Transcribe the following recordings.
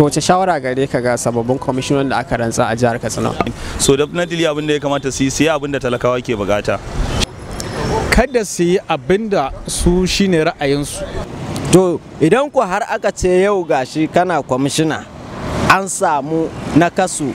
to wace shawara gare ka ga sababbin kwamishinan da aka rantsa a jihar katsina so definitely abin da ya kamata su yi su abin da talakawa ke bukata kada su yi abin da su shine ra'ayinsu to idan ku har aka ce yau gashi kana kwamishina an samu na kasu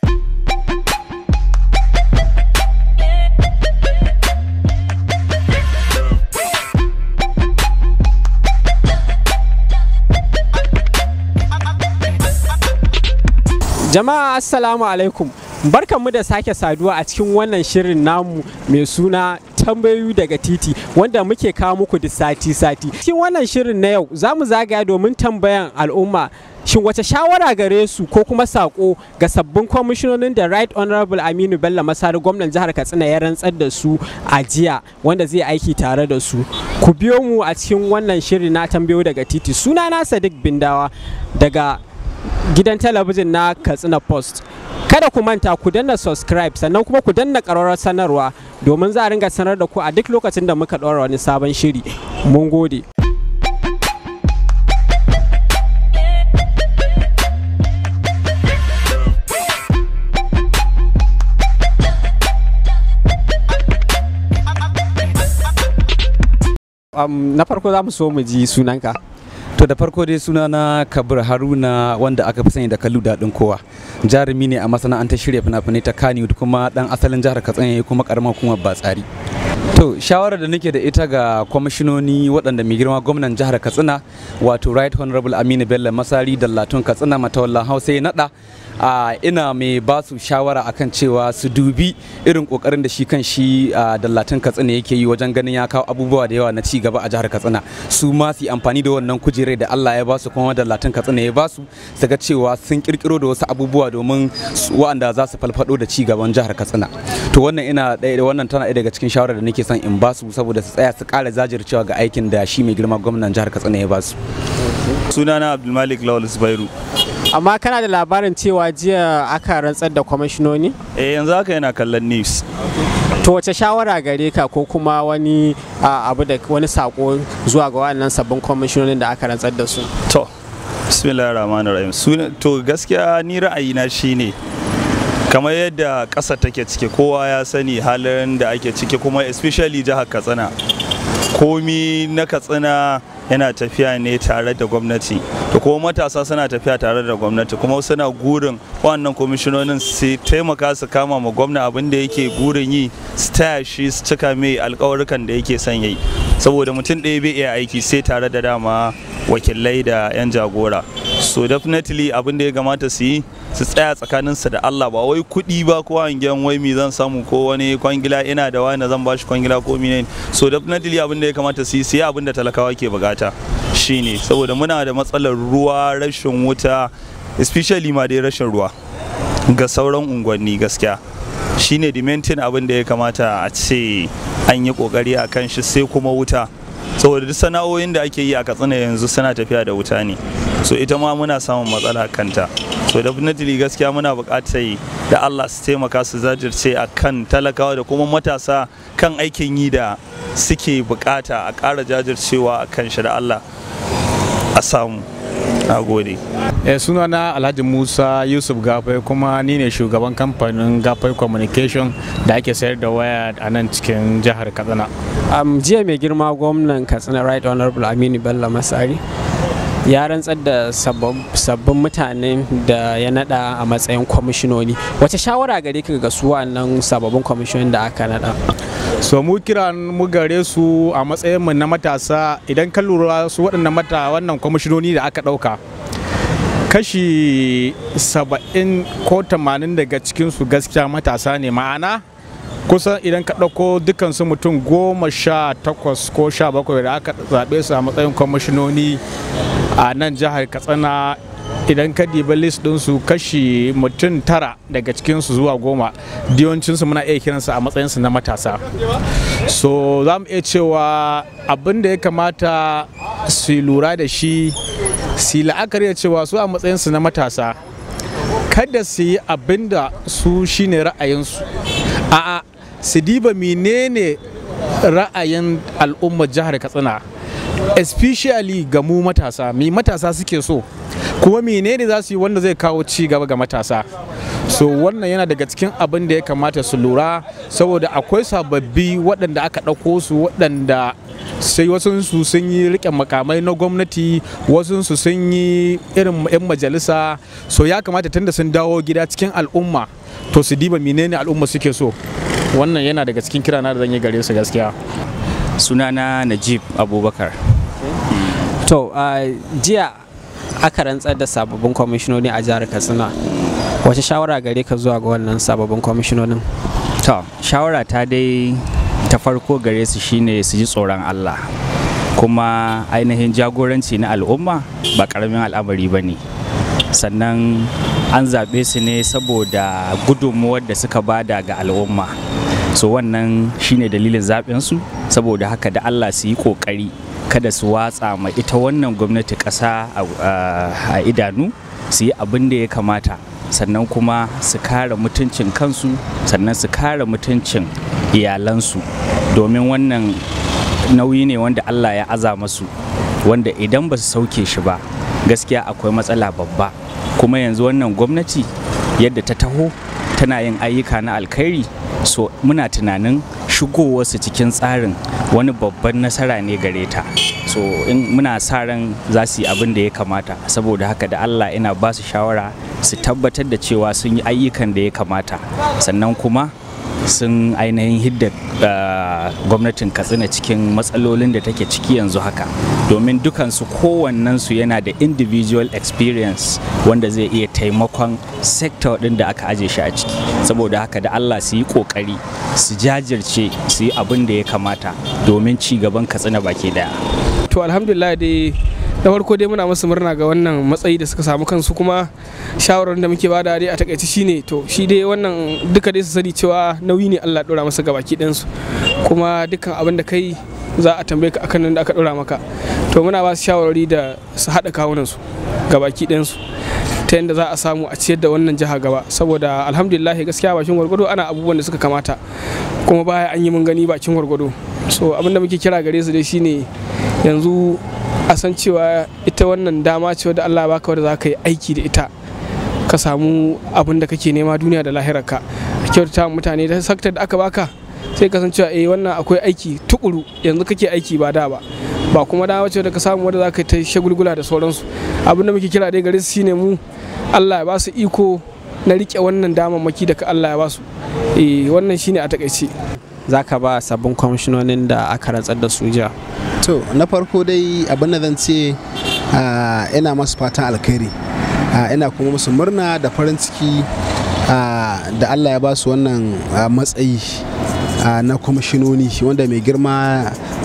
Jama'a Assalamu alaikum barkanmu da sake saduwa a cikin wannan shirin namu mai suna tambayoyi daga titi wanda muke kawo muku da sati-sati. Cikin wannan shirin na yau za mu zagaya domin tambayan al'umma shin wace shawara gare su ko kuma sako ga sabbin kwamishinonin da right honorable aminu bello masari gwamnan jihar katsina ya rantsar da su a jiya wanda zai aiki tare da su ku biyo mu a cikin wannan shirin na tambayoyi daga titi sunana sadiq bindawa daga gidan talabijin na katsina post kada ku manta ku danna subscribe sannan kuma ku danna ƙararrar sanarwa domin za a ringa sanar da ku a duk lokacin da muka ɗora wani sabon shiri mun gode na farko za mu so mu ji sunanka To da farko dai suna na Kabir Haruna wanda aka fi sani da kallu daɗin kowa. Jarumi ne a masana'antar shirya fina-finai ta Kaniwood kuma ɗan asalin jihar Katsina kuma ƙaramar hukumar Batsari. To shawarar da nake da ita ga kwamishinoni waɗanda mai girma gwamnan jihar Katsina wato Right Honorable Aminu Bello Masari da Katsina Matawalla Hausa ya naɗa ina mai ba su shawara akan cewa su dubi irin kokarin da shi kan shi dallatin katsina yake yi wajen ganin ya kawo abubuwa da yawa na ci gaba a jihar katsina su ma su amfani da wannan kujerai da allah ya ba su kuma dallatin katsina ya ba su su cewa sun kirkiro da wasu abubuwa domin waɗanda za su falfado da ci gaban jihar katsina to wannan ina ɗaya wannan tana daga cikin shawarar da nake son in ba su saboda su tsaya su ƙara jajircewa ga aikin da shi mai girma gwamnan jihar katsina ya ba su sunana abdulmalik lawal zubairu amma kana da labarin cewa jiya aka rantsar da kwamishinoni eh yanzu haka yana kallon news to wace shawara gare ka ko kuma wani abu da wani sako zuwa ga wannan sabbin kwamishinonin da aka rantsar da su to bismillahir rahmanir rahim to gaskiya ni ra'ayina shine kamar yadda ƙasa take ciki kowa ya sani halin da ake ciki kuma especially jihar katsina komi na katsina yana tafiya ne tare da gwamnati to kuma matasa suna tafiya tare da gwamnati kuma suna gurin wannan kwamishinonin su taimaka su kama ma gwamna abin da yake gurin yi su taya shi su cika mai alkawarukan da yake son yayi saboda mutum ɗaya bai iya aiki sai tare da dama wakilai da 'yan jagora so definitely abin da ya gamata su yi su tsaya tsakaninsa da Allah ba wai kuɗi ba ko hangen wai mi zan samu ko wani kwangila ina da wani zan bashi kwangila ko mine so definitely abin da ya kamata su yi su yi abin da talakawa ke bukata shine saboda muna da matsalar ruwa rashin wuta especially ma dai rashin ruwa ga sauran unguwanni gaskiya shine dimentin abin da ya kamata a ce an yi kokari a kan shi sai kuma wuta saboda duk sana'o'in da ake yi a katsina yanzu suna tafiya da wuta ne so ita ma muna samun matsala kanta so definitely gaskiya muna buƙatar da Allah su taimaka su zajirce a kan talakawa da kuma matasa kan aikin yi da suke buƙata a ƙara jajircewa a kan shi da Allah a samu na gode eh, sunana alhaji musa yusuf gafai kuma ni ne shugaban kamfanin gafai communication da ake sayar da waya a nan cikin jihar katsina jiya mai girma gwamnan katsina right honorable aminu bello masari ya rantsar da sabbin mutane da ya nada a matsayin kwamishinoni wace shawara gare ka ga su wannan sababbin kwamishinoni da aka nada so mu kiran mu gare su a matsayin na matasa idan ka lura su waɗannan mata wannan kwamishinoni da aka ɗauka kashi saba'in ko tamanin daga cikinsu gaskiya matasa ne ma'ana kusan idan ka ɗauko dukansu mutum goma sha takwas ko sha bakwai da aka zaɓe su a matsayin kwamishinoni a nan jihar katsina idan ka diba list su kashi mutum tara daga cikinsu zuwa goma su muna iya su a matsayinsu na matasa so za mu iya cewa abin da ya kamata su lura da shi su la'akari da cewa su a matsayinsu na matasa kada su yi abin da su shine ra'ayinsu a'a su diba menene ra'ayin al'ummar jihar katsina especially ga mu matasa mi matasa suke so kuma menene za su yi wanda zai kawo ci gaba ga matasa so wannan yana daga cikin abin da ya kamata su lura saboda akwai sababbi waɗanda aka ɗauko su waɗanda sai wasunsu sun yi riƙe makamai na gwamnati wasunsu sun yi irin 'yan majalisa so ya kamata tunda sun dawo gida cikin al'umma to su diba menene al'umma suke so wannan yana daga cikin kirana da zan yi gare su gaskiya sunana najib abubakar to jiya aka rantsar da sababbin kwamishinoni a jihar katsina wace shawara gare ka zuwa ga wannan sababbin kwamishinonin to shawara ta dai ta farko gare su shine su ji tsoron allah kuma ainihin jagoranci na al'umma ba karamin al'amari ba ne sannan an zaɓe su ne saboda gudunmuwar da suka bada ga al'umma so wannan shine dalilin zaɓensu saboda haka da allah su yi ƙoƙari kada su watsa ma ita wannan gwamnati ƙasa a idanu su yi abin da ya kamata sannan kuma su kare mutuncin kansu sannan su kare mutuncin iyalansu domin wannan nauyi ne wanda allah ya aza masu wanda idan ba su sauke shi ba gaskiya akwai matsala babba kuma yanzu wannan gwamnati yadda ta taho tana yin ayyuka na alkhairi so muna tunanin shigowarsu cikin tsarin wani babban nasara ne gare ta so in muna sa ran za su yi abin da ya kamata saboda haka da allah ina ba su shawara su tabbatar da cewa sun yi ayyukan da ya kamata sannan kuma sun ainihin hidda uh, gwamnatin katsina cikin matsalolin da take ciki yanzu haka domin dukansu kowannensu yana da individual experience wanda zai iya taimakon sector din da aka aje shi a ciki saboda haka da allah su yi kokari su jajirce su yi abin da ya kamata domin ci gaban katsina baki daya to alhamdulillah dai da farko dai muna masu murna ga wannan matsayi da suka samu kansu kuma shawarar da muke bada dai a takaice shine to shi dai wannan duka dai su sani cewa nauyi ne Allah dora masa gabaki ɗansu kuma dukkan abin da kai za a tambaye ka akan nan da aka dora maka to muna ba su shawarwari da su haɗa su gabaki ɗansu ta yadda za a samu a ciyar da wannan jiha gaba saboda alhamdulillah gaskiya bakin gwargwado ana abubuwan da suka kamata kuma baya an yi mun gani bakin gwargwado so abinda muke kira gare su dai shine yanzu a san cewa ita wannan dama ce wadda Allah baka wadda za ka yi aiki da ita ka samu abin da kake nema duniya da lahirarka a kyauta mutane da saktar da aka baka sai ka san cewa eh wannan akwai aiki tukuru yanzu kake aiki ba da ba ba kuma dama ce da ka samu wadda za ka ta shagulgula da sauransu abin da muke kira dai gare su shine mu Allah ya ba su iko na rike wannan damammaki da ka Allah ya ba su eh, wannan shine a takaice ka ba sabbin kwamishinonin da aka rantsar da su jiya to na farko dai abin da zan ce ina masu fatan alkhairi ina kuma musu murna da farin ciki da allah ya ba su wannan matsayi na kwamishinoni wanda mai girma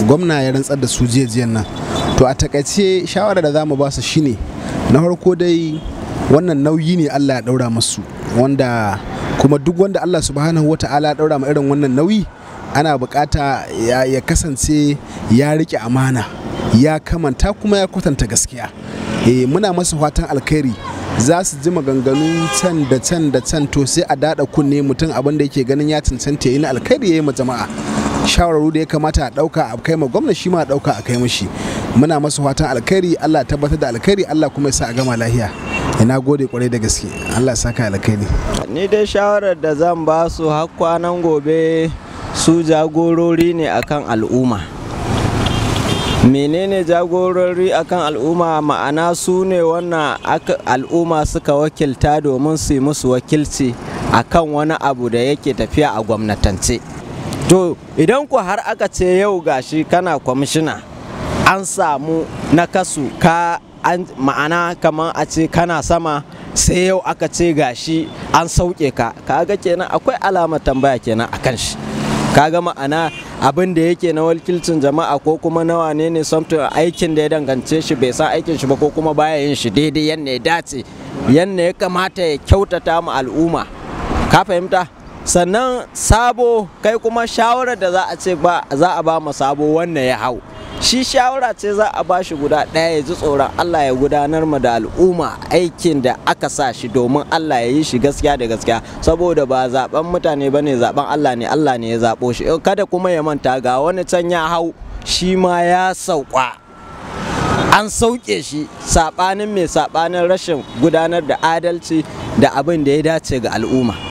gwamna ya rantsar da su jiya jiyan nan to a takaice shawara da za mu ba su shine na farko dai wannan nauyi ne allah ya daura masu wanda kuma duk wanda allah subhanahu wata'ala ta'ala ya daura ma irin wannan nauyi ana bukata ya kasance ya rike amana ya kamanta kuma ya kwatanta gaskiya e, muna masu fatan alkhairi za su ji maganganu can da can da can to sai a dada kunne mutum abin da yake ganin ya cancanta ya yi alkhairi ya yi ma jama'a shawararru da ya kamata a dauka a kai ma gwamna shi ma a dauka a kai mashi muna masu fatan alkhairi Allah tabbatar da alkhairi Allah kuma ya sa a gama lahiya ina eh, gode kwarai da gaske Allah saka alkhairi ni dai shawarar da zan ba su har kwanan gobe su jagorori ne akan al'umma menene jagorori akan al'umma ma'ana su ne wannan al'umma suka wakilta domin su musu wakilci akan wani abu da yake tafiya a gwamnatance to idan ku har aka ce yau gashi kana kwamishina an samu na kasu ka ma'ana kamar a ce kana sama sai yau aka ce gashi an sauke ka kaga kenan akwai alama tambaya kenan akan shi ka ga ma'ana abin da yake na wakilcin jama'a ko kuma na wane ne samtun aikin da ya dangance shi bai sa aikin shi ba ko kuma baya yin shi daidai yanne ya dace yanne ya kamata ya kyautata mu al'umma ka fahimta sannan sabo kai kuma shawarar da za a ce ba za a ba mu sabo wannan ya hau shi shawara ce za a bashi guda ɗaya ya ji tsoron Allah ya gudanar mu da al'umma aikin da aka sa shi domin Allah ya yi shi gaskiya da gaskiya saboda ba zaben mutane ba ne zaben Allah ne Allah ne ya zaɓo shi eh, kada kuma ya manta ga wani can ya hau shi ma ya sauka an sauke shi saɓanin mai saɓanin rashin gudanar da adalci da abin da ya dace ga al'umma